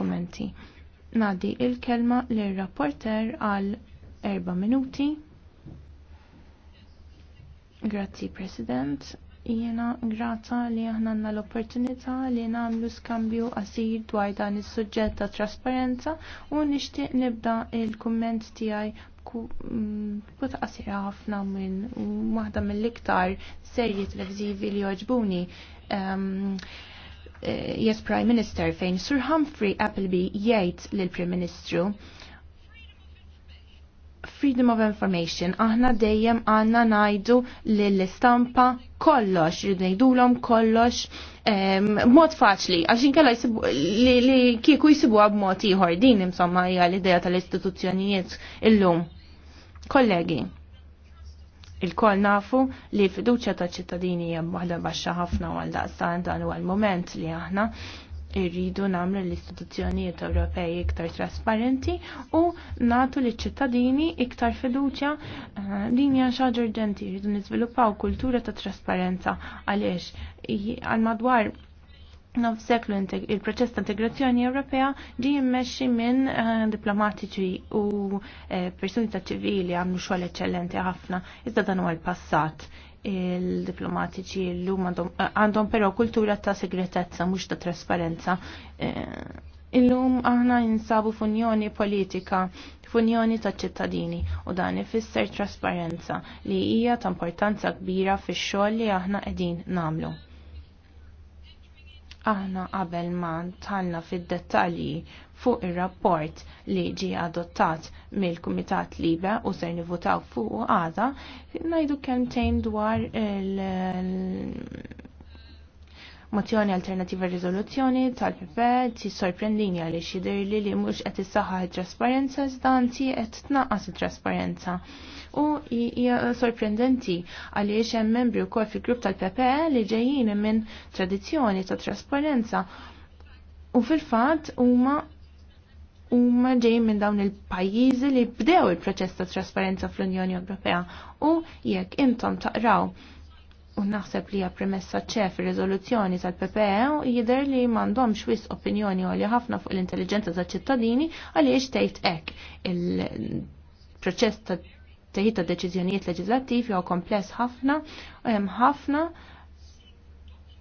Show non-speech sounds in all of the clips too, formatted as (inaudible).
dokumenti. Nadi il-kelma l-rapporter għal erba' minuti. Grazzi President. Jiena grata li aħna għandna l-opportunità li nagħmlu skambju qasir dwar dan is-suġġett ta' trasparenza u nixtieq nibda il-kumment tiegħi mm, kuta għasir ħafna minn maħda mm, mill-iktar serji televizivi li joġbuni. Um, Eh, yes Prime Minister fejn Sir Humphrey Appleby jgħid lil Prim Ministru Freedom of Information aħna dejjem għanna najdu lil istampa kollox, rridu ngħidulhom kollox mod faċli għax inkella li kieku jsibuha b'mod ieħor din insomma hija l-idea tal-istituzzjonijiet illum. Kollegi, il-kol nafu li fiduċa ta' ċittadini hija waħda baxxa ħafna għal daqstan dan huwa l-moment li aħna irridu namlu l-istituzzjonijiet Ewropej iktar trasparenti u natu li ċittadini iktar fiduċja eh, din hija xaġa urġenti, irridu niżviluppaw kultura ta' trasparenza għaliex għal madwar Nofseklu il-proċess ta' integrazzjoni Ewropea ġi jimmexxi minn eh, diplomatiċi u eh, persuni ta' ċivili għamlu xogħol eċċellenti ħafna, iżda dan huwa l-passat il-diplomatiċi l-lum għandhom eh, però kultura ta' segretezza mhux ta' trasparenza. Illum aħna jinsabu f'unjoni politika f'unjoni ta' ċittadini u dan ifisser trasparenza li hija ta' importanza kbira fix-xogħol li aħna qegħdin nagħmlu. Aħna qabel ma tħallna fid-dettalji fuq ir-rapport li ġi adottat mill-Kumitat Libra u ser nivutaw fuq għada, najdu kemtejn dwar il- mozzjoni alternativa rizoluzzjoni tal-PP ti sorprendini għal xidir li li mux qed issaħħa trasparenza iżda anzi qed tnaqqas it-trasparenza u hija e, sorprendenti għaliex hemm membri wkoll fil-grupp tal-PPE li ġejjin minn tradizzjoni ta' trasparenza u fil-fatt huma huma ġejjin minn dawn il-pajjiżi li bdew il-proċess ta' trasparenza fl-Unjoni Ewropea u jekk intom taqraw u naħseb li premessa ċef ir-riżoluzzjoni tal-PPE u jidher li m'għandhomx wis opinjoni għalja ħafna fuq l-intelligenza tal ċittadini għaliex tgħid hekk il-proċess ta' teħid ta' deċiżjonijiet leġislattiv jew kompless ħafna u hemm ħafna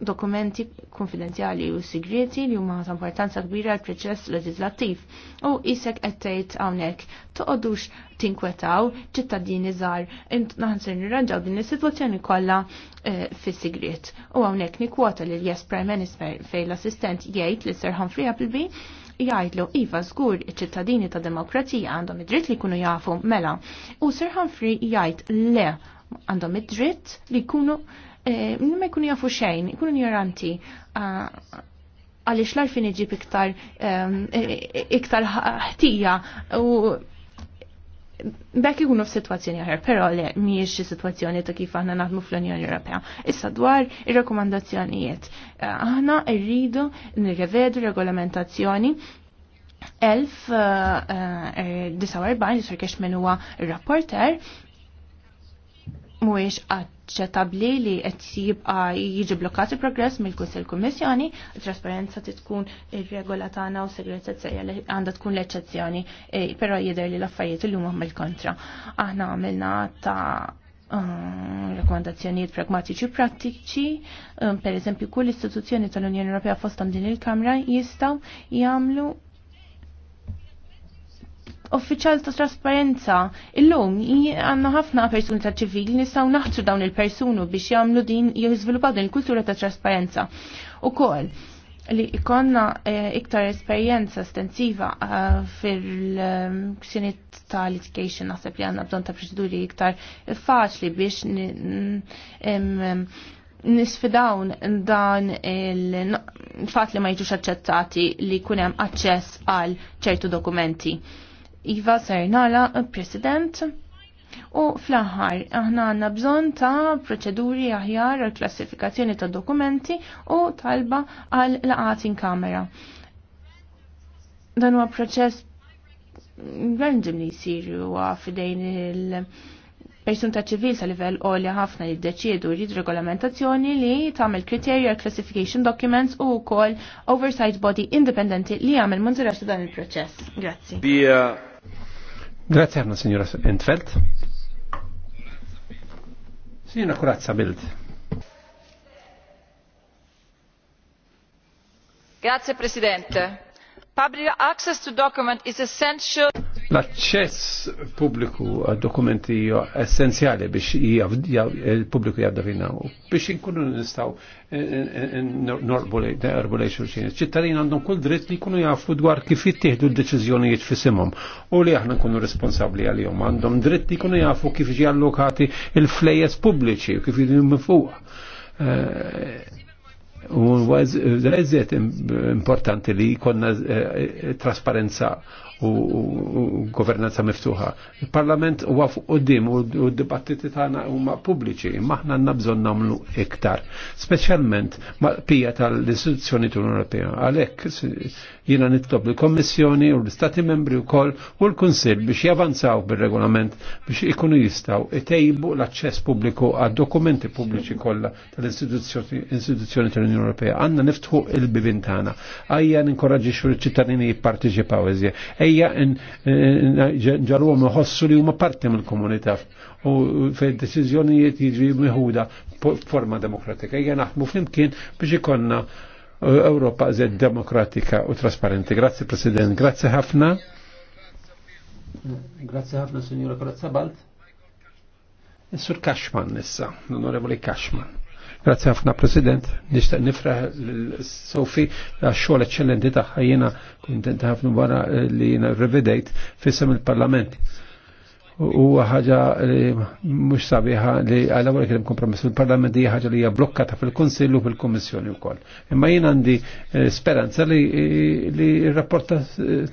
dokumenti konfidenzjali u segreti li huma ta' importanza kbira għal proċess leġislattiv. U isek qed tgħid hawnhekk toqgħodux tinkwetaw ċittadini żgħar naħsir nirranġaw din is-sitwazzjoni kollha eh, fis-sigriet. U hawnhekk nikwota lil yes Prime Minister fejn l-assistent jgħid li Sir Humphrey Appleby jgħidlu iva żgur iċ-ċittadini ta' demokrazija għandhom id-dritt li jkunu jafu mela. U Sir Humphrey jgħid le għandhom id-dritt li jkunu eh, ma jkunu jafu xejn, jkunu ignoranti ah, għaliex l-arfin iġib iktar ehm, iktar ħtija u Bekk ikunu f'sitwazzjoni aħjar, però le mhijiex xi sitwazzjoni ta' kif aħna naħdmu fl-Unjoni Ewropea. Issa dwar ir-rakkomandazzjonijiet. Eh, aħna rridu nirrevedu regolamentazzjoni 1049 eh, eh, jisur kex huwa rapporter mhuwiex qatt naċċettabbli li qed jibqa' jiġi blokkati progress mill-Kunsell Kummissjoni, trasparenza tkun ir-regola tagħna u segretezza sejja li għandha tkun l-eċċezzjoni, e, però jidher li l-affarijiet illum huma mill kontra Aħna għamilna ta' um, rekomendazzjonijiet pragmatiċi prattiċi, um, per eżempju kull istituzzjoni tal-Unjoni Ewropea fostam din il-Kamra jistgħu jagħmlu uffiċjal ta' trasparenza. Illum għandna ħafna persuni ta' ċivili nistgħu naħtru dawn il-persunu biex jagħmlu din jew jiżviluppaw din il-kultura ta' trasparenza. Ukoll li ikonna eh, iktar esperjenza estensiva eh, fil ksjoniet ta' litigation naħseb li għandna bżonn ta' proċeduri iktar faċli biex nisfidawn dan il-fat li ma jiġux aċċettati li kunem aċċess għal ċertu dokumenti. Iva Sernala, President. U fl-aħħar, aħna għandna bżonn ta' proċeduri aħjar għal klassifikazzjoni ta' dokumenti u talba għal laqat in kamera. Dan huwa proċess random li jsir huwa fidejn il- Persun ta' ċivil sa' livell għolja ħafna li d-deċiedu jrid regolamentazzjoni li tagħmel kriterja classification documents u wkoll oversight body independenti li jagħmel munzirax dan il-proċess. Grazzi. Grazie a signora Entfeld. Signora Corazza Bild. Grazie Presidente. Public access to document is essential L-access pubbliku għad dokumenti essenzjali biex il-pubbliku jaddovinaw, biex inkunu nistaw norbu lej xurxin. ċittarin għandhom kull dritt li kunu jafu dwar kif jittieħdu d-deċizjonijiet fi u li aħna nkunu responsabli għal-jom. Għandhom dritt li kunu jafu kif ġi allokati il-flejes pubbliċi u kif jidhom fuq. Eh, u għazet importanti li konna eh, trasparenza u governanza miftuħa. Il-Parlament huwa fuq qudiem u d-dibattiti tagħna huma pubbliċi, imma aħna għandna bżonn nagħmlu iktar, speċjalment mal-pija tal-istituzzjoni tal Ewropea. Għalhekk jiena nittob il-Kommissjoni u l-Istati membri wkoll u l-Kunsill biex javanzaw bir-regolament biex ikunu jistgħu itejbu l-aċċess pubbliku għad dokumenti pubbliċi kollha tal-istituzzjoni tal-Unjoni Ewropea. Għandna niftħu il-bibin tagħna. Ajja ninkoraġġixxu iċ ċittadini jipparteċipaw iżjed ejja ġarruhom iħossu li huma parti mill-komunità u fid-deċiżjonijiet jiġri miħuda forma demokratika. Ejja naħmu flimkien biex ikonna uh, Ewropa żed demokratika u trasparenti. Grazzi President, grazzi ħafna. Grazzi ħafna Signora Korazza Balt. Is-Sur Kaxman issa, l-Onorevoli Kaxman. Grazie ħafna President, nishtaq nifraħ l-Sofi għax-xogħol eċċellenti tagħha jiena barra ħafna wara li jiena revedejt fissem il-Parlament U ħaġa li mhux sabiħa li għalaw li kien kompromiss fil-Parlament hija ħaġa li hija blokkata fil-Kunsill u fil-Kummissjoni wkoll. Imma jien għandi eh, speranza li li r-rapport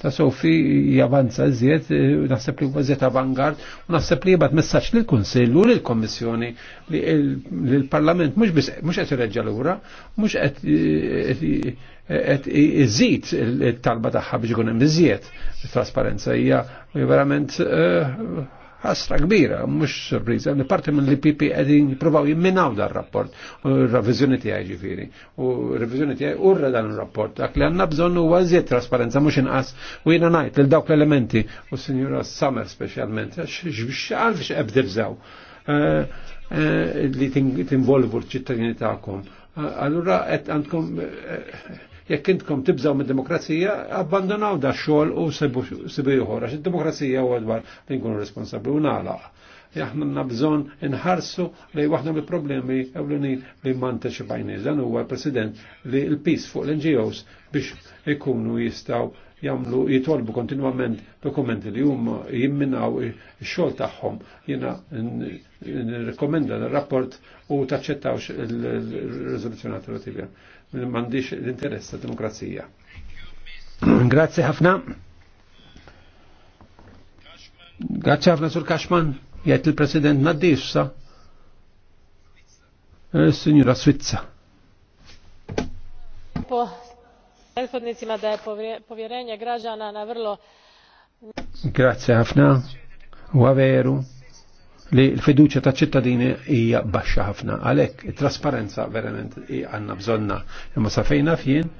ta' Sofi javanza iżjed, eh, naħseb li huwa iżjed avangard u naħseb li jibgħat messaġġ lill kunsill u lill-Kommissjoni li l-Parlament mhux biss mhux qed ireġġa' lura, mhux eh, qed iżid il-talba tagħha biex ikun hemm iżjed. Trasparenza hija verament għasra kbira, mux sorpriża li parti minn li PP għedin jippruvaw jimminaw dan rapport u revizjoni tijaj ġifiri, U revizjoni tijaj urra dan rapport għak li għanna bżonnu huwa trasparenza mux inqas u jiena ngħid lil dawk l-elementi u Sinjura Summer specialment, x'għalfx qed eh, eh, li tinvolvu l-ċittadini tagħkom. Eh, allura qed għandkom Jekk intkom tibżaw mid-demokrazija, abbandonaw da xogħol u sibu ieħor għax id-demokrazija huwa dwar li nkunu responsabbli u nagħlaq. Jaħna għandna bżonn inħarsu li waħda mill-problemi ewlenin li m'anteċipajniex dan huwa president li l-peace fuq l-NGOs biex ikunu jistgħu jagħmlu jitolbu kontinwament dokumenti li huma jimminaw ix-xogħol tagħhom. Jiena nirrekomenda l-rapport u taċċettawx il-riżoluzzjoni alternativa mandiċ l-interess ta' demokrazija. (clears throat) Grazie ħafna. Grazie ħafna sur Kaxman, jgħet il-President Naddif sa. Eh, Signora Svizza. Po prethodnicima da je građana na vrlo... Grazie ħafna. U veru li l-fiduċa ta' ċittadini hija baxxa ħafna. Għalhekk it-trasparenza verament għandna bżonna. Imma sa fejna fien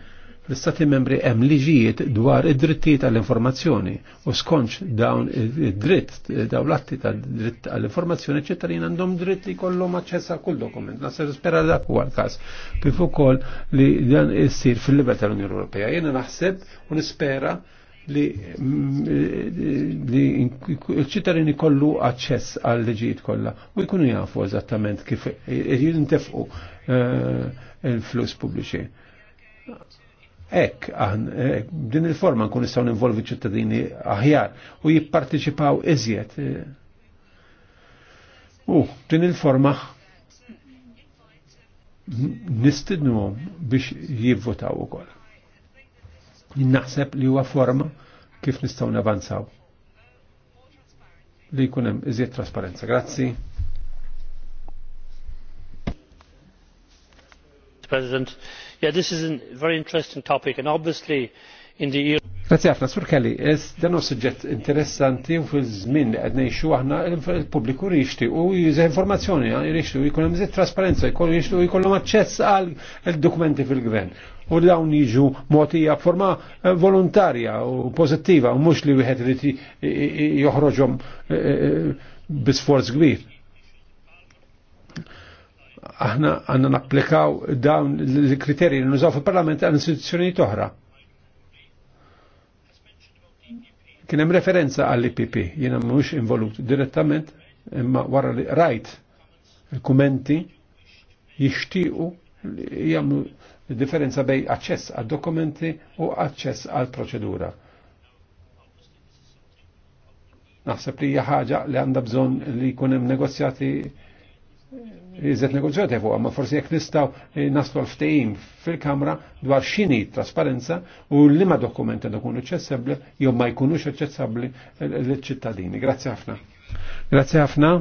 l-istati membri hemm liġijiet dwar id-drittijiet għall-informazzjoni u skonċ dawn id-dritt dawn l-atti ta' dritt għall-informazzjoni ċittadini għandhom dritt li kollhom aċċess għal kull dokument. Nasser spera dak huwa l-każ. Kif ukoll li dan issir fil-livell tal-Unjoni Ewropea. Jiena naħseb u nispera Mm, li il-ċittadini kollu aċċess għal liġijiet kollha u jkunu jafu eżattament kif irid intefqu eh, il-flus pubbliċi. Ek, din il-forma nkun nistgħu ninvolvi ċittadini aħjar u jipparteċipaw iżjed. U din il-forma nistidnuhom biex jivvotaw ukoll jinnaħseb li huwa forma kif nistgħu navanzaw. Li jkun hemm iżjed trasparenza. Grazzi. President, yeah, this is a very interesting topic and obviously in the Grazie għafna, Sur Kelly, dan u suġġett interessanti u fil-żmien li għedna jxu għahna il-publiku rixti u jizze informazzjoni rixti u jkunem zid trasparenza, u jkunem għacċess għal dokumenti fil-gvern. U dawn jiġu motija forma eh, volontarja u pozittiva u mux li wieħed li joħroġhom eh, eh, bisforz gbir. Aħna għanna napplikaw dawn l-kriterji li nużaw fil-parlament għal istituzzjoni toħra Kien hemm referenza għall-IPP, jiena mhux involut direttament, imma wara li rajt il-kumenti jixtiequ jagħmlu differenza bej aċċess għad dokumenti u aċċess għal proċedura. Naħseb li hija ħaġa li għandha bżonn li jkun hemm negozjati iżet negozjati fuq, ma forsi jek nistaw eh, naslu l-ftejim fil-kamra dwar xini trasparenza u li ma dokumenta dokunu ċessabli jew ma jkunux ċessabli l-ċittadini. Grazie ħafna. Grazie ħafna.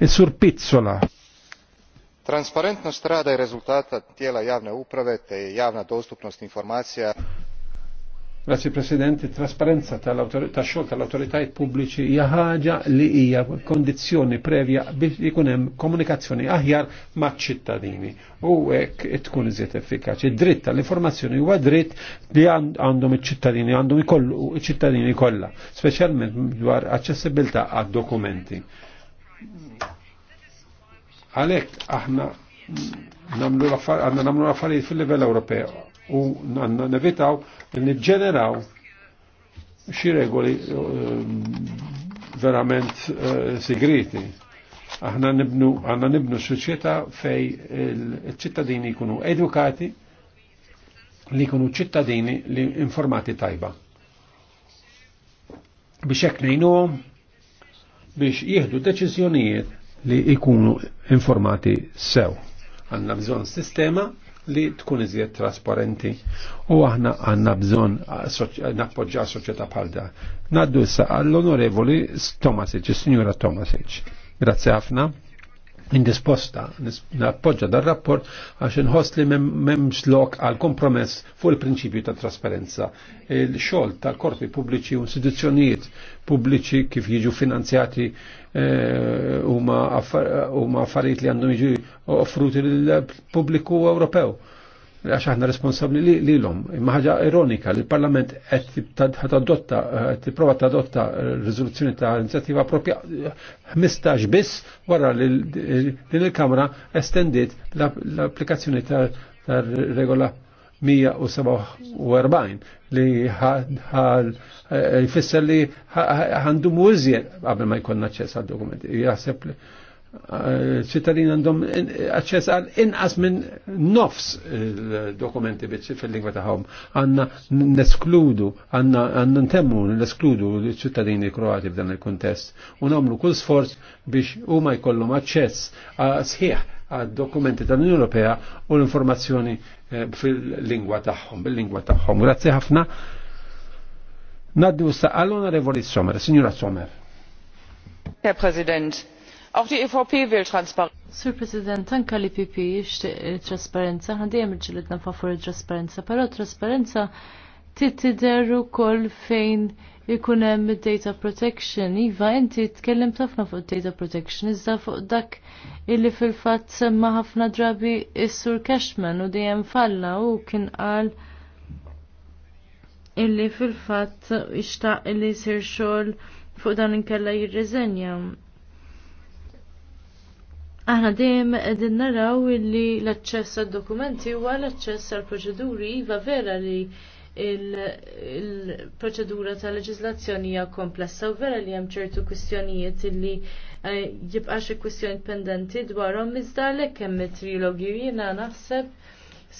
Il-sur Pizzola. Transparentnost rada je rezultata tijela javne uprave te javna dostupnost informacija. Grazie President, trasparenza tax xol tal autoritajt pubbliċi hija li hija kondizjoni previa biex ikun hemm komunikazzjoni aħjar ma' ċittadini u hekk tkun iżjed effikaċi. Dritt tal-informazzjoni huwa dritt li għandhom iċ-ċittadini, għandhom iċ-ċittadini kollha, speċjalment dwar aċċessibilità għad-dokumenti. Għalhekk aħna namlu l-affarijiet fil-livell Ewropew u għanna nevitaw li nġeneraw xi regoli ehm, verament eh, segreti. Aħna nibnu, għanna nibnu soċjetà fej il-ċittadini jkunu edukati li jkunu ċittadini li informati tajba. Biex hekk ngħinuhom biex jieħdu deċiżjonijiet li jkunu informati sew. Għandna bżonn sistema li tkun iżjed trasparenti u aħna għanna bżon nappoġġa soċjetà bħal da. Naddu issa għall-onorevoli Tomasic, is-Sinjura Tomasic. Grazzi ħafna indisposta nappoġġa dar rapport għax inħoss li memx lok għal kompromess fuq il-prinċipju ta' trasparenza. Il-xogħol tal-korpi pubbliċi u istituzzjonijiet pubbliċi kif jiġu finanzjati eh, huma affarijiet li għandhom jiġu offruti lill pubbliku Ewropew għax aħna responsabli li l-om. Imma ħaġa ironika li l-Parlament qed adotta, qed eh, tipprova tadotta eh, rizoluzzjoni ta' inizjattiva propja 15 eh, biss wara li l-Kamra estendit l-applikazzjoni ta' regola 147 li jfisser li għandu mużjed qabel ma jkun ċess għal-dokumenti. li ċittadin għandhom għacċess għal inqas minn nofs eh, dokumenti biċ fil-lingwa tagħhom. Għanna neskludu, għandna ntemmu neskludu l-ċittadini kroati f'dan il-kuntest u nagħmlu kull sforz biex huma jkollhom aċċess sħiħ għad dokumenti tal-Unjoni Ewropea u l-informazzjoni eh, fil-lingwa tagħhom, bil-lingwa tagħhom. Grazzi ħafna. Naddu sa' għall-onorevoli Somer. signora Sommer. Herr Präsident, Auch die EVP will Transparenz. Sur President, anka li PP ixtiq trasparenza, għandijem il-ġilidna favur trasparenza, pero trasparenza titideru kol fejn ikunem data protection. Iva, inti tkellem tafna fuq data protection, iżda fuq dak illi fil-fat semma ħafna drabi is-sur Cashman u dejjem falla u kien qal illi fil-fat ixtaq illi sir xogħol fuq dan inkella jirriżenja. Aħna dejjem qegħdin naraw illi l-aċċess għad-dokumenti huwa l-aċċess għall-proċeduri iva vera li il-proċedura ta' leġislazzjoni hija komplessa u vera li hemm ċertu kwistjonijiet illi eh, jibqa' xi kwistjoni pendenti dwarhom iżda għalhekk hemm trilogi jiena naħseb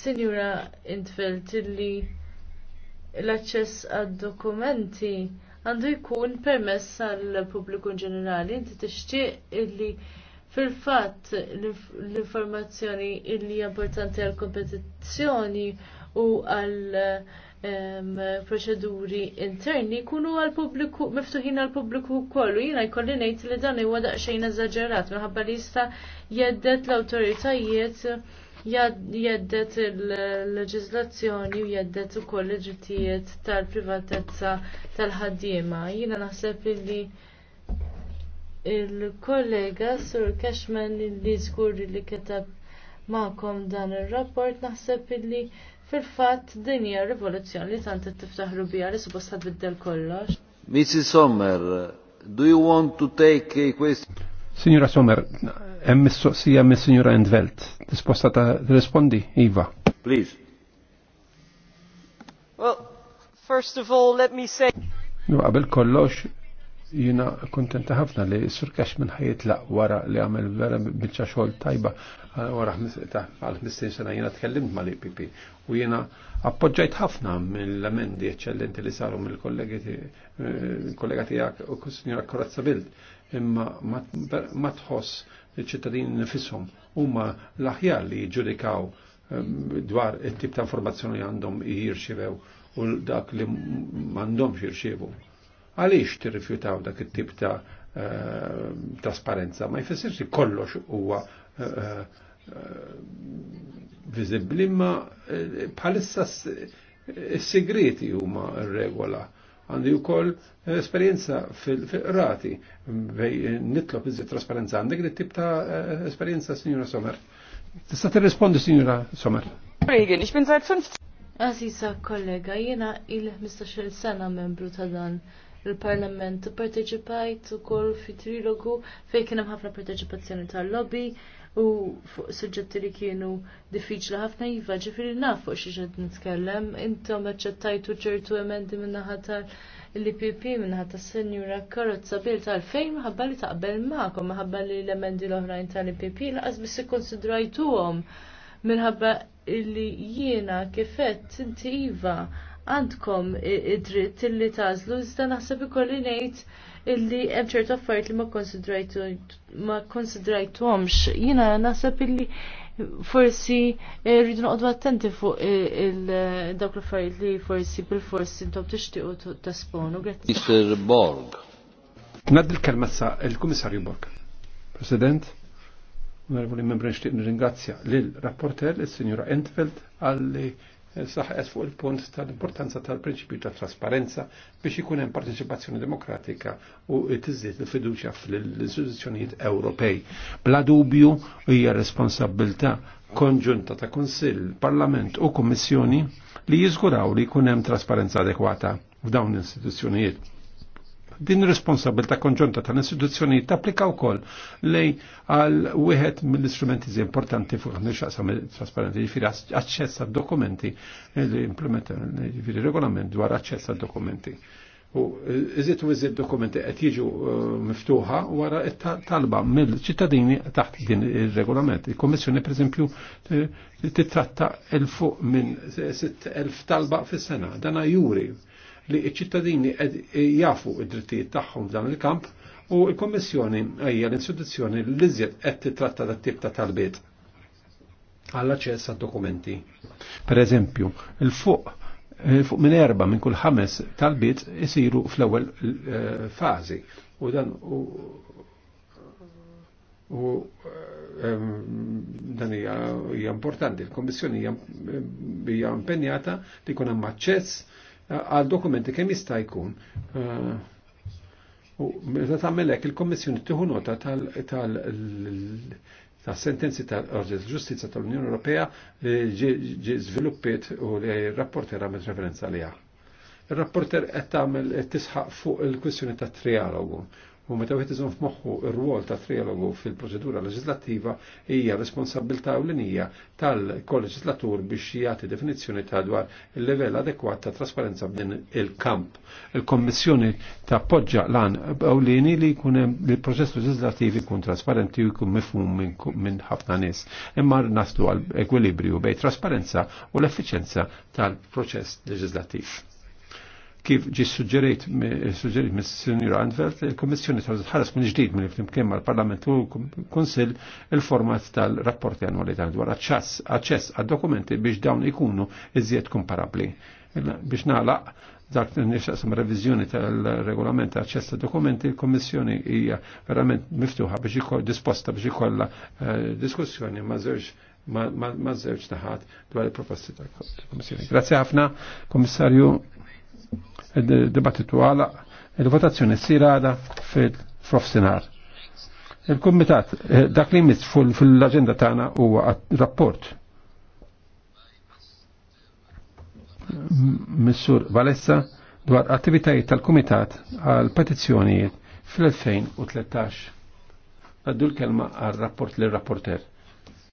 Sinjura Intfeld illi l-aċċess għad-dokumenti għandu jkun permess għall pubbliku ġenerali inti tixtieq illi Fil-fatt l-informazzjoni illi importanti għal kompetizzjoni u għal proċeduri interni kunu għal pubbliku miftuħin għal pubbliku kollu jina jkolli ngħid li dan huwa daqsxejn eżaġerat minħabba li jista' jeddet l-awtoritajiet jeddet il-leġizlazzjoni u jeddet ukoll l ġittijiet tal-privatezza tal-ħaddiema. Jiena naħseb li il-kollega Sur Cashman li żgur li kitab ma'kom dan ir-rapport naħseb illi fil-fatt din hija rivoluzzjoni li tant tiftaħ rubija li suppost tbiddel kollox. Mrs. Sommer, do you want to take a question? Signora Sommer, hemm mistoqsija mis signora Endvelt. Disposta ta' rispondi, Iva. Please. Well, first of all, let me say. Qabel kollox, jina kontenta ħafna li s Sur minn ħajiet la wara li għamil vera bieċa xogħol tajba wara għal 15 sena jina tkellimt ma l-IPP u jina appoġġajt ħafna mill-amendi eccellenti li saru mill-kollega eh, tiegħek u signora Korazza Bild imma ma tħoss il-ċittadini nifishom huma l-aħjar li jġudikaw eh, dwar it-tip ta' informazzjoni għandhom jirċivew u dak li għandhom jirċievu Għaliex tirrifjutaw dak it-tip ta' eh, trasparenza? Ma jfessirx li kollox huwa eh, eh, viżibbli ma bħalissa s-segreti huma regola għandi u koll esperienza fil-rati bej nitlob iżi trasparenza għandek li tip ta' esperienza signora Sommer. Tista' tirrispondi signora Sommer. Regen, ich bin seit 15. kollega, jena il-15 sena membru ta' dan il-Parlament parteċipajt ukoll fi trilogu fejn kien hemm ħafna parteċipazzjoni tal-lobby u fuq suġġetti li kienu diffiċli ħafna jiva ġifiri nafu fuq xi ġed nitkellem, intom eċċettajtu ċertu emendi ħata tal-IPP ħata tas-Senjura Karozza Bil tal-fejn minħabba li taqbel maħkom minħabba li l-emendi l-oħrajn tal-IPP laqas biss ikkonsidrajtuhom minħabba illi jiena kifett inti iva għandkom id-dritt illi tażlu, iżda naħseb ikolli ngħid illi hemm ċertu affarijiet li ma konsidrajtuhomx. Jiena naħseb illi forsi eh, rridu noqogħdu attenti fuq eh, dawk l-affarijiet li forsi bil-forsi intom tixtiequ tasponu. Mr. Borg. Nad il-kelma sa il-Kummissarju Borg. President, onorevoli membri nixtieq nirringrazzja lil rapporter il-Sinjura Entfeld għalli saħqet fuq il-punt tal-importanza tal-prinċipju ta' trasparenza biex ikun hemm partecipazzjoni demokratika u tiżdied il-fiduċja fl-istituzzjonijiet Ewropej. Bla dubju hija responsabilità konġunta ta' Kunsill, Parlament u Kummissjoni li jiżguraw li jkun hemm trasparenza adekwata f'dawn l-istituzzjonijiet Din responsabilta konġunta tal-istituzzjoni tapplika wkoll lej għal wieħed mill-istrumenti importanti fuq nixaqsam trasparenti ġifiri aċċess għad-dokumenti li jiġifieri regolament dwar aċċess għad-dokumenti. U iżit u iżit dokumenti qed jiġu eh, miftuħa wara talba mill-ċittadini taħt din ir-regolament. il per pereżempju titratta il fuq minn 6,000 talba fis-sena. Dana juri li iċ ċittadini jafu id-drittijiet tagħhom f'dan il-kamp u l-Kommissjoni hija l-istituzzjoni li żjed qed titratta dat-tip ta' talbiet għall-aċċess għad dokumenti. Per eżempju, il-fuq fuq minn erba minn kull ħames talbiet isiru fl-ewwel eh, fażi u dan u U ehm, dan hija importanti, il-Kommissjoni hija impenjata li jkun hemm aċċess għal dokumenti kemm jista' jkun. Eh, u meta tagħmel hekk il-Kommissjoni tieħu nota tal sentenzi tal ġustizja tal-Unjoni Ewropea li ġi żviluppiet u li rapporter għamil referenza li Il-rapporter qed tagħmel tisħaq fuq il-kwistjoni tat trialogu U meta wieħed iżomm f'moħħu r-rwol ta' trialogu fil-proċedura leġislattiva hija responsabilità linija tal-kolleġislatur biex jagħti definizzjoni ta' dwar il-livell adekwat ta' trasparenza b'din il-kamp. Il-Kommissjoni tappoġġa lan Bawlini li jkun li l-proċess leġislattiv ikun trasparenti u jkun mifhum minn ħafna nies. Imma naslu għal ekwilibrju bej trasparenza u l-effiċenza tal-proċess leġislattiv. Kif ġi suġġerit suġġerit mis-Sinjur Anvert, il-Kommissjoni ħares minn ġdid minn flimkien mal-Parlament u l-Kunsill il-format tal-rapporti annwali tal dwar aċċess għad-dokumenti biex dawn ikunu iżjed komparabbli. Biex nagħlaq dak nixtaqsam reviżjoni tal-regolament ta' aċċess ta' dokumenti, il-Kommissjoni hija verament miftuħa biex ikoll disposta biex ikollha eh, diskussjoni ma' żewġ ma' żewġ taħat dwar il-proposti tal-Kommissjoni. Grazzi ħafna, Kommissarju il-dibattitu għala il-votazzjoni s-sirada fil-profsinar. Il-Kumitat, eh, dak li jmiss fil-agenda tagħna huwa rapport. Missur Valessa dwar attivitajiet tal-Kumitat għal petizzjonijiet fl-2013. Għaddu l-kelma għal rapport l-rapporter.